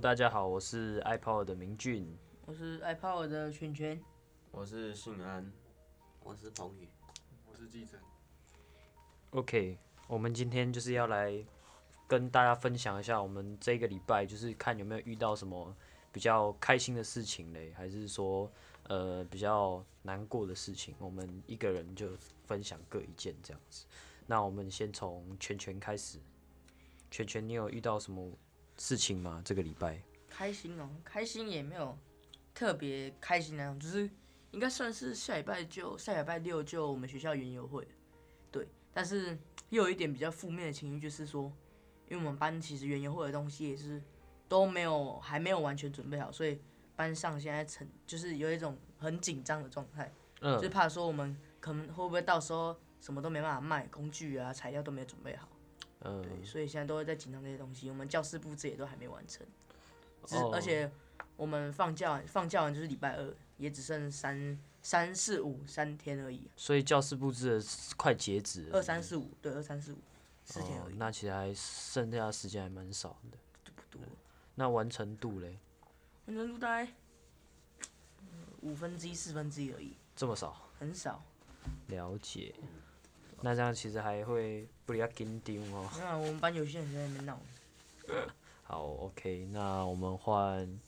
大家好，我是 IPOWER 的明俊，我是 IPOWER 的圈圈，我是信安，我是鵬宇，我是冀臻。OK，我們今天就是要來跟大家分享一下，我們這個禮拜就是看有沒有遇到什麼比較開心的事情嘞？還是說呃比較難過的事情，我們一個人就分享各一件這樣子。那我們先從圈圈開始，圈圈你有遇到什麼？事情嗎？這個禮拜開心哦、喔，開心也沒有特別開心那種，就是應該算是下禮拜就下禮拜六就我們學校園遊會了，對。但是又有一點比較負面的情緒，就是說，因為我們班其實園遊會的東西也是都沒有還沒有完全準備好，所以班上現在成就是有一種很緊張的狀態，嗯，就怕說我們可能會不會到時候什麼都沒辦法賣，工具啊材料都沒有準備好。嗯、對，所以現在都會在緊張這些東西。我們教室布置也都還沒完成，哦、只、而且我們放假放假完就是禮拜二，也只剩三三四五三天而已。所以教室布置的快截止了是不是？二三四五，對，二三四五，四天而已。哦、那其實還剩下的時間還蠻少的，多不多？對，那完成度嘞？完成度大概、呃、五分之一、四分之一而已。這麼少？很少。了解。那這樣其實還會不比較緊張哦。那我們班有些人在那邊鬧。好，OK，那我們換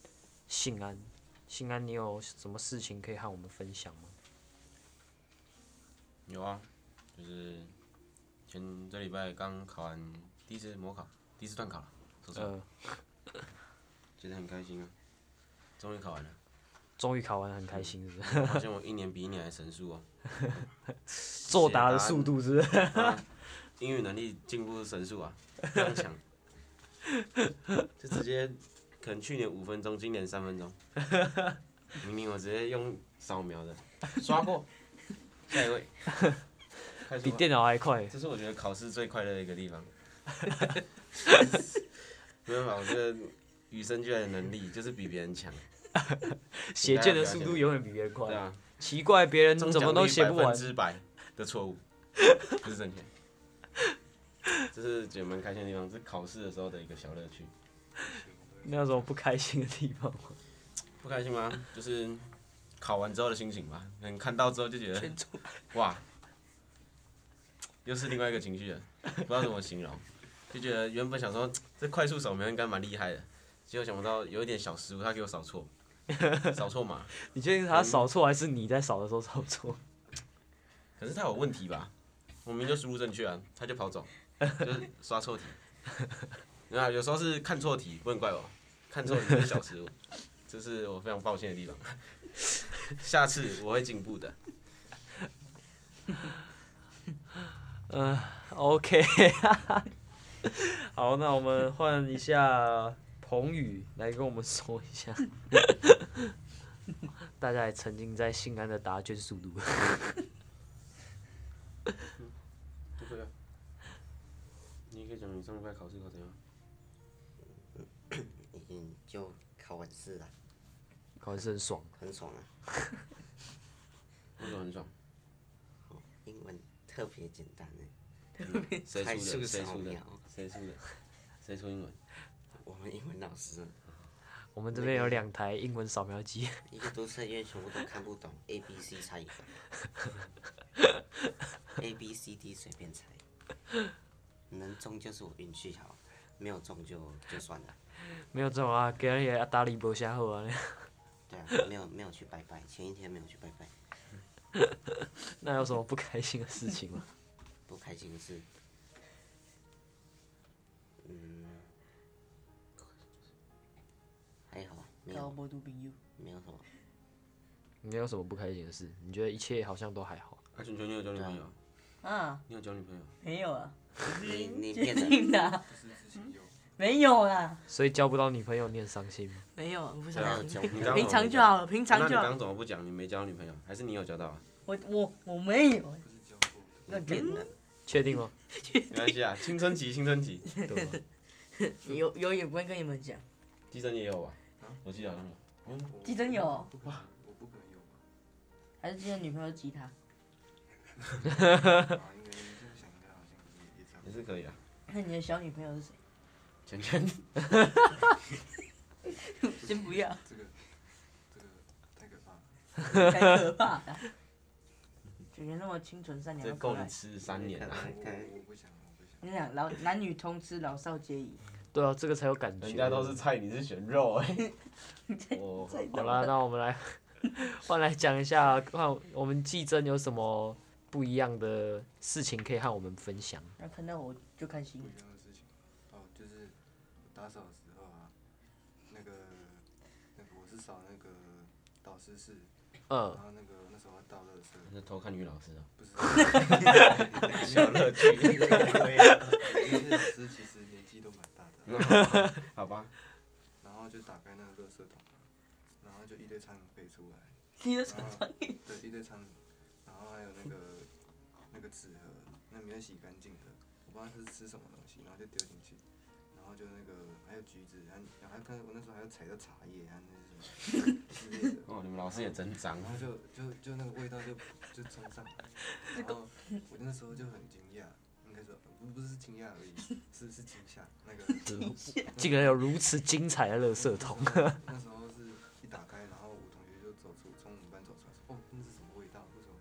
信安，信安，你有什麼事情可以和我們分享嗎？有啊，就是前這禮拜剛考完第一次模考，第一次段考了，是、呃、覺得很開心啊，終於考完了。終於考完了很開心是不是？嗯、好像我一年比一年還神速啊、喔。作答的速度是不是？啊、英語能力進步神速啊，非常強。就，就直接，可能去年五分鐘，今年三分鐘。明明我直接用掃描的，刷過。下一位，比電腦還快，這是我覺得考試最快樂的一個地方。 沒辦法，我覺得與生俱來的能力就是比別人強。寫卷的速度永遠比別人快。對啊。奇怪，別人怎麼都寫不完，百分之百的錯誤，不 是掙錢，這是覺得蠻開心的地方，這是考試的時候的一個小樂趣。那有什麼不開心的地方嗎？不開心嗎？就是考完之後的心情吧。能看到之後就覺得哇，又是另外一個情緒了，不知道怎麼形容，就覺得原本想說這快速掃描應該蠻厲害的，結果想不到有一點小失誤，他給我掃錯。掃錯嘛？你確定他掃錯還是你在掃的時候掃錯、嗯？可是他有問題吧？我明就輸入正確啊，他就跑走，就是刷錯題。 有時候是看錯題，不能怪我，看錯題的小時誤， 這是我非常抱歉的地方。下次我會進步的。嗯 呃、，OK， 好，那我們換一下彭宇來跟我們說一下。大家也沉浸在信安的答卷速度考考。不會啊！講，你上一考試考怎樣？已經就考完試了，考完試很爽，很爽啊！嗯、很爽很爽 、哦。英文特別簡單、欸，特別快速掃描，誰說的？誰說英文？我們英文老師。我們這邊有兩台英文掃描機一，一個讀是因為全部都看不懂 ，A、B、C 猜，A、B、C、D 隨便猜，能中就是我運氣好，沒有中就就算了。沒有中啊，給今日阿達利無啥好啊。對啊，沒有沒有去拜拜，前一天沒有去拜拜。 那有什麼不開心的事情嗎？ 不開心的事。沒有什麼，沒有什麼不開心的事，你覺得一切好像都還好。還尋求女友交女朋友？啊，你有交女朋友？沒有啊，你你確定的？沒有啊。所以交不到女朋友，你很傷心嗎？沒有，啊，我不想講，平常就好了，平常就好。那剛剛怎麼不講？你沒交女朋友？還是你有交到啊？我我我沒有。天哪！確定嗎？沒關係啊，青春期，青春期。有有也不會跟你們講。地震也有啊。我記得有嗎？嗯，記得有。哇，我不可能有嗎？還是記得女朋友吉他？哈哈哈哈哈。也是可以啊。那你的小女朋友是誰？圈圈。先不要。這個，這個太可怕了。太可怕了。圈圈那麼清純善良，夠你吃三年了。我我我你想老男女通吃，老少皆宜。對啊，這個才有感覺。人家都是菜，你是選肉哎。哦 在。我了好了，那我們來換來講一下，啊，看我們冀臻有什麼不一樣的事情可以和我們分享。那，啊，看那我就開心。不一樣的事情，哦，就是打掃的時候啊，那個，那個我是掃那個導師室。嗯。然後那個那時候我倒垃圾。那，嗯嗯，偷看女老師啊。哈哈不是，小樂趣。因為老師其實年紀都蠻。好吧， 然後就打開那個垃圾桶，然後就一堆蒼蠅飛出來。然後對，一堆蒼蠅，然後還有那個那個紙盒，那沒有洗乾淨的，我不知道它是吃什麼東西，然後就丟進去，然後就那個還有橘子，有然後還跟我那時候還要採個茶葉，然後那什麼之類 的。哦，你們老師也真髒。然後就就就那個味道就就衝上來。然後我那時候就很驚訝。不是驚訝而已，是是驚嚇。那個驚嚇，竟然有如此精彩的垃圾桶。那，那時候是一打開，然後我同學就走出，從我們班走出來，說哦，那是什麼味道？為什麼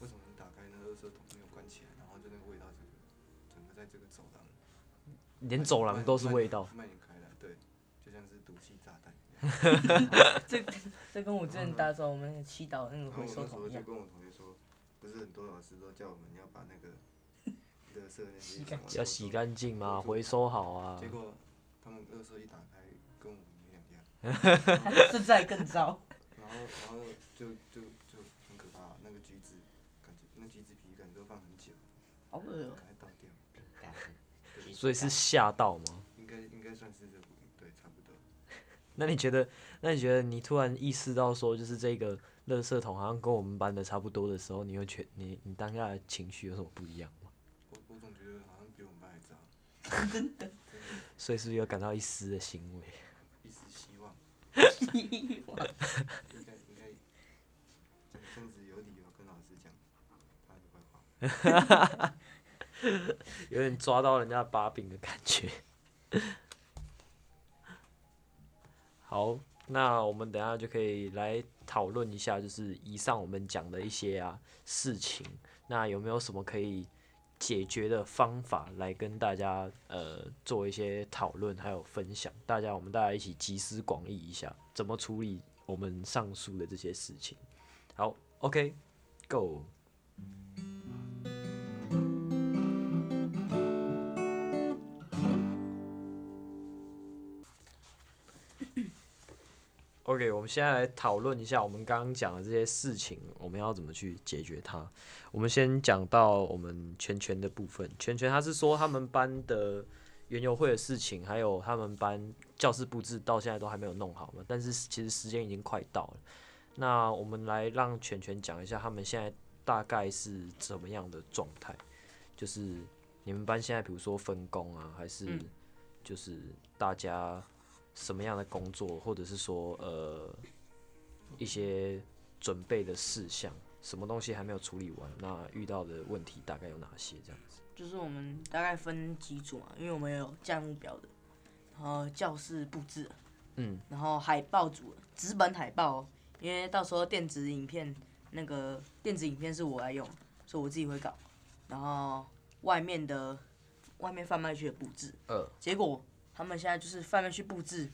為什麼能打開那個垃圾桶沒有關起來？然後就那個味道、這個，整個在這個走廊、啊，連走廊都是味道慢慢。蔓延開來。 對，就像是毒氣炸彈。這這 跟我之前打掃我們七導那個回收桶一樣。然後我那時候就跟我同學說，不是很多老師都叫我們要把那個。要洗乾淨嘛，回收好啊。結果他們垃圾一打開，跟我們沒兩樣，現在更糟。 然後，然後就就就很可怕啊。那個橘子，那橘子皮感覺都放很久。好惡喔。趕快倒掉。所以是嚇到嗎？應該應該算是，對，差不多。 那你覺得，那你覺得，你突然意識到說，就是這個垃圾桶好像跟我們班的差不多的時候，你又覺你你當下的情緒有什麼不一樣？ 所以是不是有感到一絲的欣慰、一絲希望。希望。 應該應該，這個甚至有理由跟老師講哈哈哈！ 有點抓到人家的把柄的感覺。 好，那我們等下就可以來討論一下，就是以上我們講的一些啊事情，那有沒有什麼可以？解決的方法來跟大家呃做一些討論，還有分享，大家我們大家一起集思廣益一下，怎麼處理我們上述的這些事情。好，OK，Go。OK, Go 我們現在來討論一下我們剛剛講的這些事情，我們要怎麼去解決它？我們先講到我們銓銓的部分，銓銓他是說他們班的園遊會的事情，還有他們班教室布置到現在都還沒有弄好嘛？但是其實時間已經快到了，那我們來讓銓銓講一下他們現在大概是怎麼樣的狀態，就是你們班現在比如說分工啊，還是就是大家。什麼樣的工作，或者是說呃一些準備的事項，什麼東西還沒有處理完？那遇到的問題大概有哪些？這樣子，就是我們大概分幾組嘛，因為我們有項目表的，然後教室布置，嗯，然後海報組紙本海報，因為到時候電子影片，那個電子影片是我來用，所以我自己會搞，然後外面的外面販賣區的布置，呃，結果。他們現在就是翻面去布置，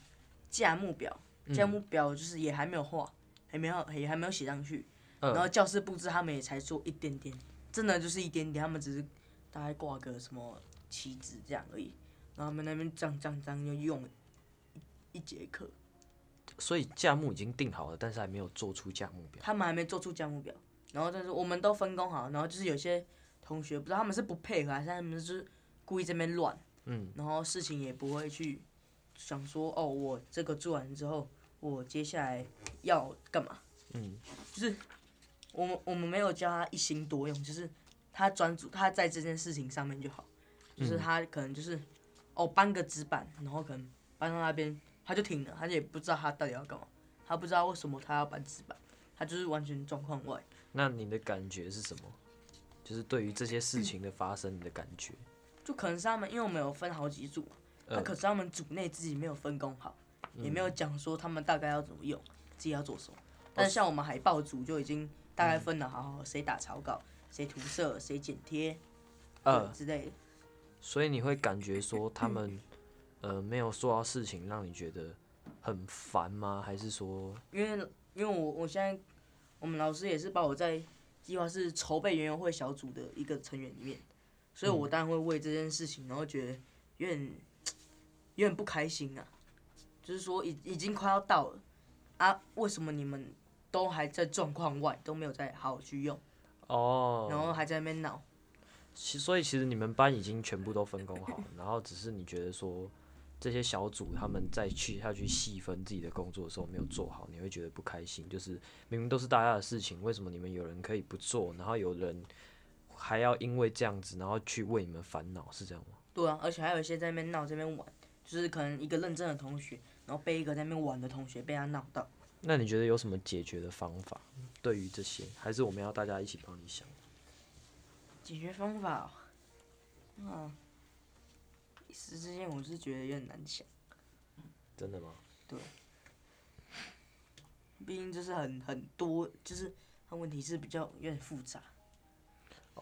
價目表，價目表就是也還沒有畫，嗯、還沒有也還沒有寫上去。呃、然後教室布置他們也才做一點點，真的就是一點點，他們只是大概掛個什麼旗子這樣而已。然後他們那邊這樣這樣這樣又用一節課，所以價目已經定好了，但是還沒有做出價目表。他們還沒做出價目表，然後但是我們都分工好，然後就是有些同學不知道他們是不配合，還是他們就是故意這邊亂。嗯，然後事情也不會去想說哦，我這個做完之後，我接下來要幹嘛？嗯，就是我們我們沒有教他一心多用，就是他專注他在這件事情上面就好，就是他可能就是、嗯、哦搬個紙板，然後可能搬到那邊他就停了，他也不知道他到底要幹嘛，他不知道為什麼他要搬紙板，他就是完全狀況外。那你的感覺是什麼？就是對於這些事情的發生，嗯、你的感覺？就可能是他們，因為我們有分好幾組，呃、可是他們組內自己沒有分工好，嗯、也沒有講說他們大概要怎麼用，自己要做什麼。哦、但是像我們海報組就已經大概分了，好好，誰打草稿，誰塗、嗯、色，誰剪貼，呃、等等之類的。所以你會感覺說他們，嗯、呃，沒有說到事情讓你覺得很煩嗎？還是說？因為因為我我現在我們老師也是把我在計劃是籌備園遊會小組的一個成員裡面。所以，我當然會為這件事情，然後覺得有點有點不開心啊。就是說，已已經快要到了啊，為什麼你們都還在狀況外，都沒有再好好去用？哦。Oh, 然後還在那邊鬧。其所以，其實你們班已經全部都分工好， 然後只是你覺得說這些小組他們在去下去細分自己的工作的時候沒有做好，你會覺得不開心。就是明明都是大家的事情，為什麼你們有人可以不做，然後有人？還要因為這樣子，然後去為你們煩惱，是這樣嗎？對啊，而且還有一些在那邊鬧，在那邊玩，就是可能一個認真的同學，然後被一個在那邊玩的同學被他鬧到。那你覺得有什麼解決的方法？對於這些，還是我們要大家一起幫你想解決方法？嗯、啊，一時之間我是覺得有點難想。真的嗎？對，畢竟就是很很多，就是它問題是比較有點複雜。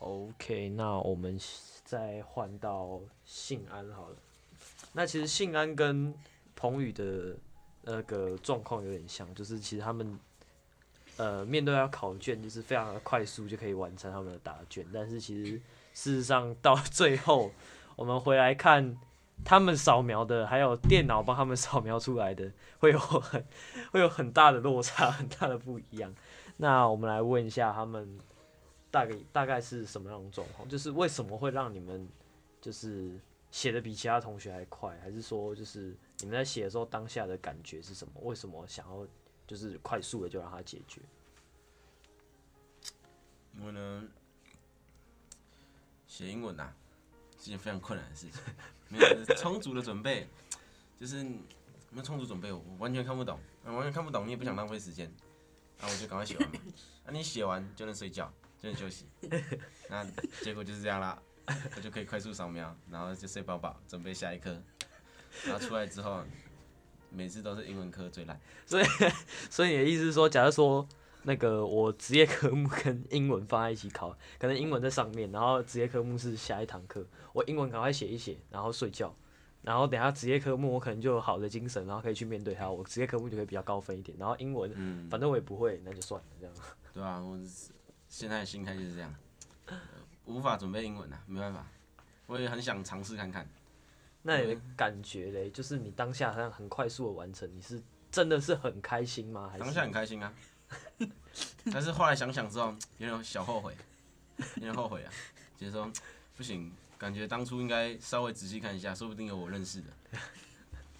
OK，那我們再換到信安好了。那其實信安跟鵬宇的那個狀況有點像，就是其實他們呃面對要考卷，就是非常的快速就可以完成他們的答卷，但是其實事實上到最後，我們回來看他們掃描的，還有電腦幫他們掃描出來的，會有很會有很大的落差，很大的不一樣。那我們來問一下他們。大概大概是什麼樣的狀況？就是為什麼會讓你們就是寫的比其他同學還快？還是說就是你們在寫的時候當下的感覺是什麼？為什麼想要就是快速的就讓它解決？我呢，寫英文吶是件非常困難的事情。 沒有充足的準備， 就是沒有充足準備我，我完全看不懂、啊，完全看不懂，你也不想浪費時間，嗯、啊，我就趕快寫完嘛。那、 啊、你寫完就能睡覺。休息，那結果就是這樣啦。我就可以快速掃描，然後就睡飽飽，準備下一科。然後出來之後，每次都是英文科最爛。所以，所以你的意思是說，假如說那個我職業科目跟英文放在一起考，可能英文在上面，然後職業科目是下一堂課。我英文趕快寫一寫，然後睡覺，然後等下職業科目我可能就有好的精神，然後可以去面對它。我職業科目就會比較高分一點。然後英文，反正我也不會，嗯，那就算了，這樣。對啊，現在的心態就是這樣、呃，無法準備英文了，沒辦法。我也很想嘗試看看。那你的感覺嘞？嗯、就是你當下很快速的完成，你是真的是很開心嗎？還是當下很開心啊。但是後來想想之後，有點小後悔，有點後悔啊。就是說，不行，感覺當初應該稍微仔細看一下，說不定有我認識的。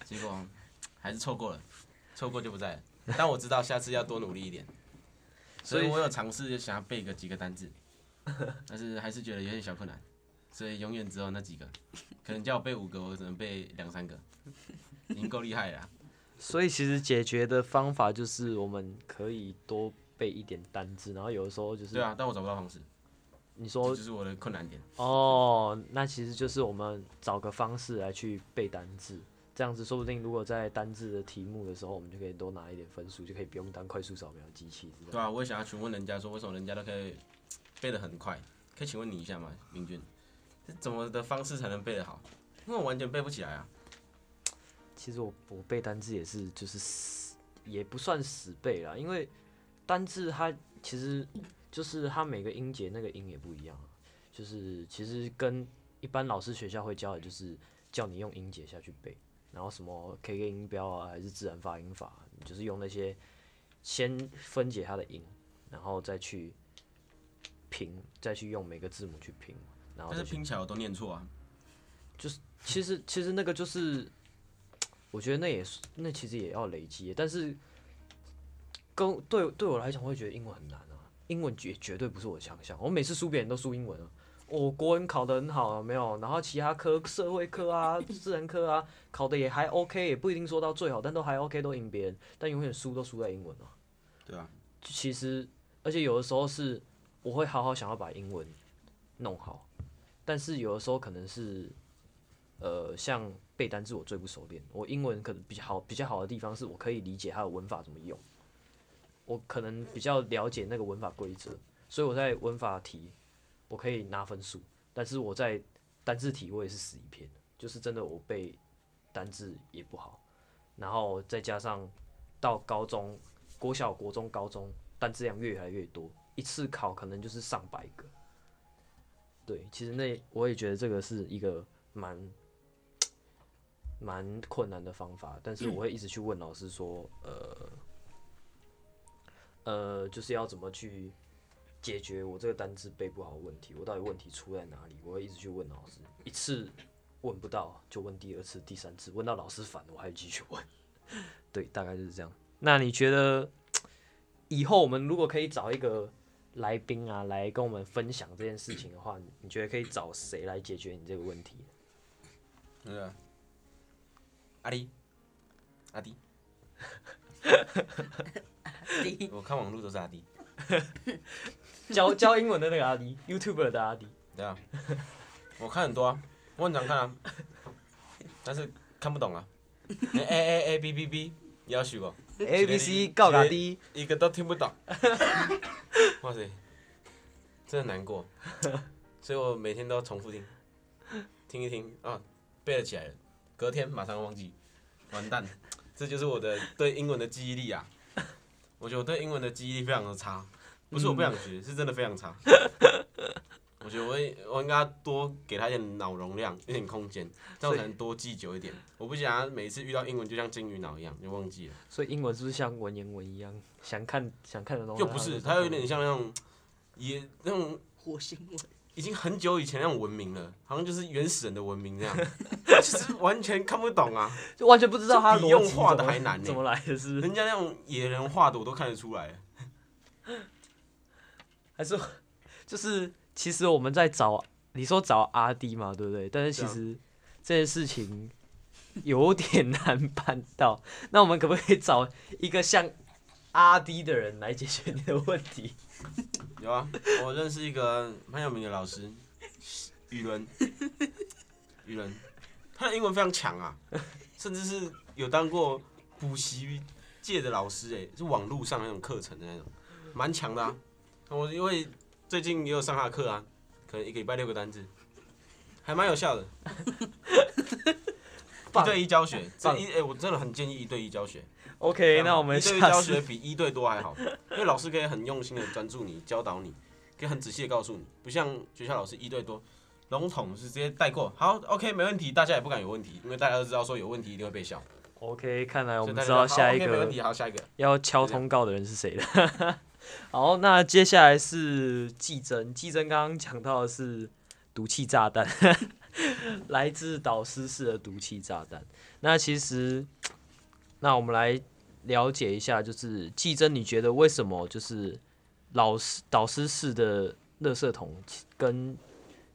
結果還是錯過了，錯過就不再了。但我知道下次要多努力一點。所以，我有嘗試就想要背個幾個單字，但是還是覺得有點小困難，所以永遠只有那幾個。可能叫我背五個，我只能背兩三個。已經夠厲害了、啊。所以，其實解決的方法就是我們可以多背一點單字，然後有的時候就是對啊，但我找不到方式。你說就，就是我的困難點。哦，那其實就是我們找個方式來去背單字。這樣子，說不定如果在單字的題目的時候，我們就可以多拿一點分數，就可以不用當快速掃描的機器的。對啊，我也想要詢問人家說，為什麼人家都可以背得很快？可以請問你一下嗎，明俊？怎麼的方式才能背得好？因為我完全背不起來啊。其實我我背單字也是，就是死也不算死背啦，因為單字它其實就是它每個音節那個音也不一樣啊，就是其實跟一般老師學校會教的就是叫你用音節下去背。然後什麼 KK 音標啊，還是自然發音法？就是用那些先分解它的音，然後再去拼，再去用每個字母去拼。然後去但是拼起來我都念錯啊！就是其實其實那個就是，我覺得那也是那其實也要累積。但是，跟對對我來講會覺得英文很難啊，英文絕絕對不是我的強項。我每次輸別人都輸英文啊。我、哦、國文考得很好啊，有沒有，然後其他科，社會科啊、自然科啊，考的也還 OK，也不一定說到最好，但都還 OK，都贏別人，但永遠輸都輸在英文了。對啊，其實，而且有的時候是，我會好好想要把英文弄好，但是有的時候可能是，呃，像背單詞我最不熟練，我英文可能比較好，比較好的地方是我可以理解它的文法怎麼用，我可能比較了解那個文法規則，所以我在文法題。我可以拿分數，但是我在單字題我也是死一片，就是真的我背單字也不好，然後再加上到高中，國小、國中、高中，單字量越來越多，一次考可能就是上百個。對，其實那我也覺得這個是一個蠻蠻困難的方法，但是我會一直去問老師說，嗯、呃，呃，就是要怎麼去。解決我這個單字背不好的問題，我到底問題出在哪裡？我會一直去問老師，一次問不到就問第二次、第三次，問到老師煩，我還繼續問。 對，大概就是這樣。那你覺得以後我們如果可以找一個來賓啊來跟我們分享這件事情的話，你覺得可以找誰來解決你這個問題、啊？阿滴，阿滴，滴， 我看網絡都是阿滴。教教英文的那個阿滴，YouTuber 的阿滴，對啊，我看很多啊，我很常看啊，但是看不懂啊，你、 欸、A A A B, B B B 也要學不？A B C 教阿滴，的一個都聽不懂， 哇塞，真的難過，所以我每天都重複聽，聽一聽啊，背了起來了，隔天馬上忘記，完蛋， 這就是我的對英文的記憶力啊，我覺得我對英文的記憶力非常的差。不是我不想學，嗯，是真的非常差。 我覺得我我應該多給他一點腦容量，一點空間，這樣才能多記久一點。以我不想他每次遇到英文就像金魚腦一樣，就忘記了。所以英文就是像文言文一樣，想看想看的東西？就不是，它有一點像那種野，那種火星文，已經很久以前那種文明了，好像就是原始人的文明這樣， 就是完全看不懂啊，就完全不知道他用畫的還難、欸，怎麼來的是不是？人家那種野人畫的我都看得出來。 還是就是，其實我們在找你說找阿滴嘛，對不對？但是其實這件事情有點難辦到。那我們可不可以找一個像阿滴的人來解決你的問題？有啊，我認識一個很有名的老師，雨倫，雨倫，他的英文非常強啊，甚至是有當過補習界的老師、欸，誒，就網絡上那種課程的那種，蠻強的啊。我因為最近也有上他課啊，可能一個禮拜六個單子，還蠻有效的。 一對一教學，一哎，我真的很建議一對一教學。OK，那我們一對一教學比一對多還好， 因為老師可以很用心的專注你，教導你，可以很仔細的告訴你，不像學校老師一對多，籠統是直接帶過。好，OK，沒問題，大家也不敢有問題，因為大家都知道說有問題一定會被笑。OK，看來我們知道，知道下一個，好，okay, 沒問題，好，下一個要敲通告的人是誰了。 好，那接下來是冀臻。冀臻剛剛講到的是毒氣炸彈， 來自導師室的毒氣炸彈。那其實，那我們來了解一下，就是冀臻，你覺得為什麼就是老師導師室的垃圾桶跟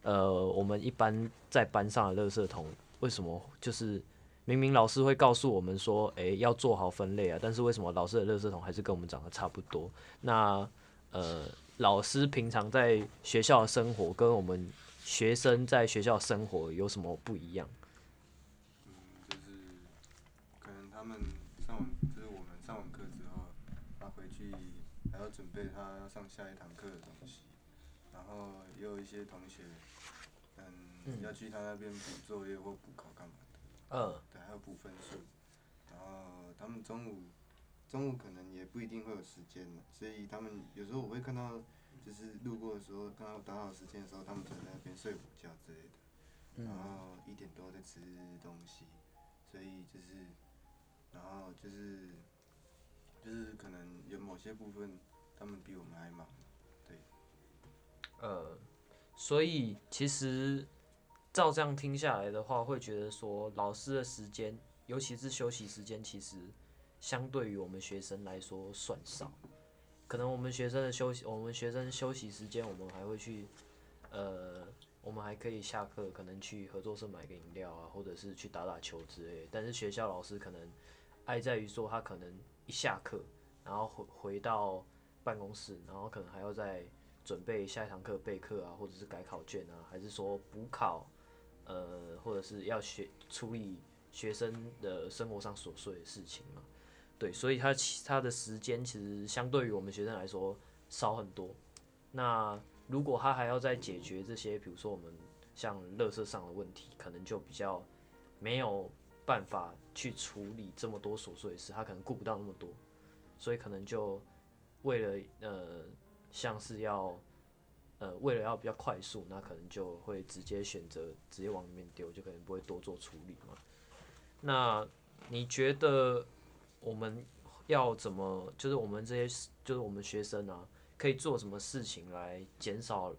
呃我們一般在班上的垃圾桶為什麼就是？明明老師會告訴我們說，哎、欸，要做好分類啊，但是為什麼老師的垃圾桶還是跟我們長得差不多？那呃，老師平常在學校的生活跟我們學生在學校的生活有什麼不一樣？嗯，就是可能他們上完，就是我們上完課之後，他回去還要準備他上下一堂課的東西，然後也有一些同學，嗯，要去他那邊補作業或補考幹嘛。嗯，對，還要補分數，然後他們中午，中午可能也不一定會有時間，所以他們有時候我會看到，就是路過的時候，剛剛打掃時間的時候，他們就在那邊睡午覺之類的，然後一點多在吃東西，所以就是，然後就是，就是可能有某些部分他們比我們還忙，對，呃，所以其實。照這樣聽下來的話，會覺得說老師的時間，尤其是休息時間，其實相對於我們學生來說算少。可能我們學生的休息，我們學生休息時間，我們還會去，呃，我們還可以下課，可能去合作社買個飲料啊，或者是去打打球之類。但是學校老師可能愛在於說，他可能一下課，然後回，回到辦公室，然後可能還要再準備下一堂課備課啊，或者是改考卷啊，還是說補考。呃，或者是要學處理學生的生活上瑣碎的事情嘛。對，所以他其他的時間其實相對於我們學生來說少很多。那如果他還要再解決這些，比如說我們像垃圾上的問題，可能就比較沒有辦法去處理這麼多瑣碎的事，他可能顧不到那麼多，所以可能就為了呃，像是要。呃，為了要比較快速，那可能就會直接選擇直接往裡面丟，就可能不會多做處理嘛。那你覺得我們要怎麼，就是我們這些，就是我們學生啊，可以做什麼事情來減少，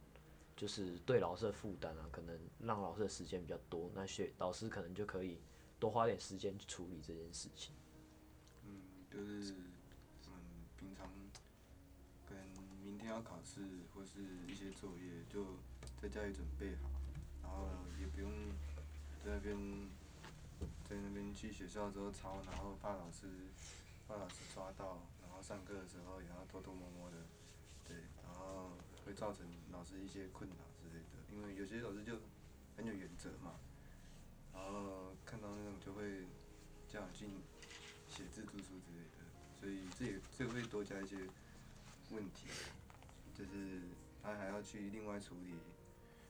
就是對老師的負擔啊，可能讓老師的時間比較多，那學老師可能就可以多花點時間去處理這件事情。嗯，對、就是。要考試或是一些作業，就在家裡準備好，然後也不用在那邊，在那邊去學校的時候抄，然後怕老師怕老師抓到，然後上課的時候也要偷偷摸摸的，對，然後會造成老師一些困擾之類的，因為有些老師就很有原則嘛，然後看到那種就會叫進寫字讀書之類的，所以這也這也會多加一些問題。就是他還要去另外處理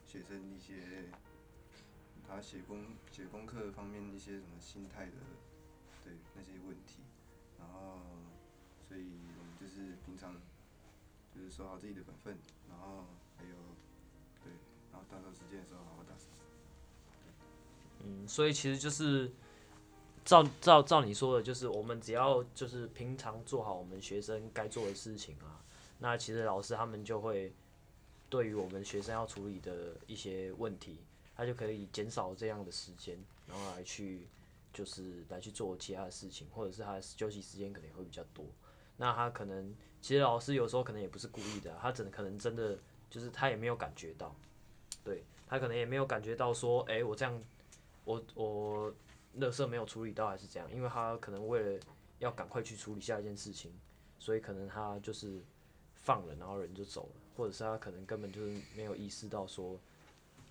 學生一些他寫功寫功課方面一些什麼心態的對那些問題，然後所以我們就是平常就是守好自己的本分，然後還有對，然後打掃時間的時候好好打掃。嗯，所以其實就是照照照你說的，就是我們只要就是平常做好我們學生該做的事情啊。那其實老師他們就會對於我們學生要處理的一些問題，他就可以減少這樣的時間，然後來去就是來去做其他的事情，或者是他休息時間可能也會比較多。那他可能其實老師有時候可能也不是故意的、啊，他可能可能真的就是他也沒有感覺到，對，他可能也沒有感覺到說，哎、欸，我這樣我我垃圾沒有處理到還是怎樣，因為他可能為了要趕快去處理下一件事情，所以可能他就是。放了，然後人就走了，或者是他可能根本就是沒有意識到說，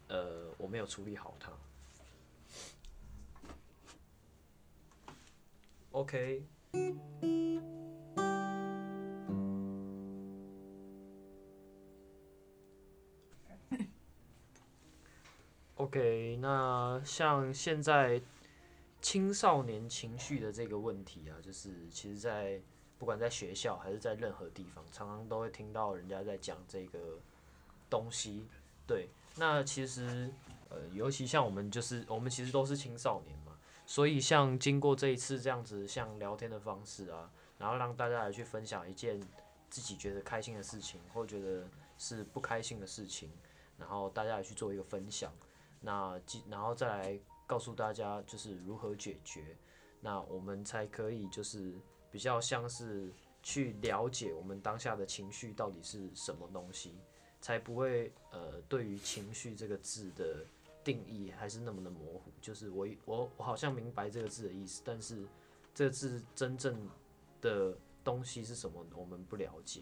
呃，我沒有處理好他。OK，OK，那像現在青少年情緒的這個問題啊，就是其實在。不管在學校還是在任何地方，常常都會聽到人家在講這個東西。對，那其實呃，尤其像我們，就是我們其實都是青少年嘛，所以像經過這一次這樣子，像聊天的方式啊，然後讓大家來去分享一件自己覺得開心的事情，或覺得是不開心的事情，然後大家來去做一個分享，那然後再來告訴大家就是如何解決，那我們才可以就是。比較像是去了解我們當下的情緒到底是什麼東西，才不會呃，對於情緒這個字的定義還是那麼的模糊。就是我我我好像明白這個字的意思，但是這個字真正的東西是什麼？我們不了解。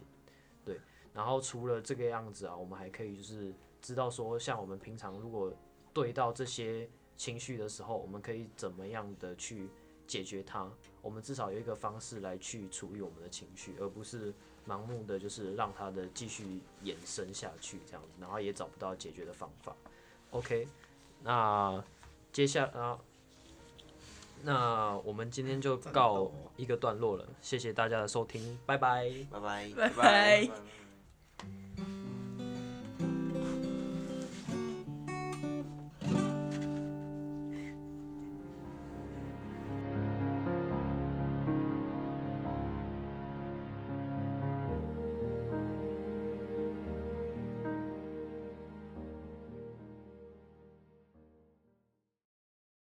對，然後除了這個樣子啊，我們還可以就是知道說，像我們平常如果對到這些情緒的時候，我們可以怎麼樣的去。解決它，我們至少有一個方式來去處理我們的情緒，而不是盲目的就是讓它的繼續延伸下去這樣子，然後也找不到解決的方法。OK，那接下來，那我們今天就告一個段落了，謝謝大家的收聽，拜拜，拜拜，拜拜。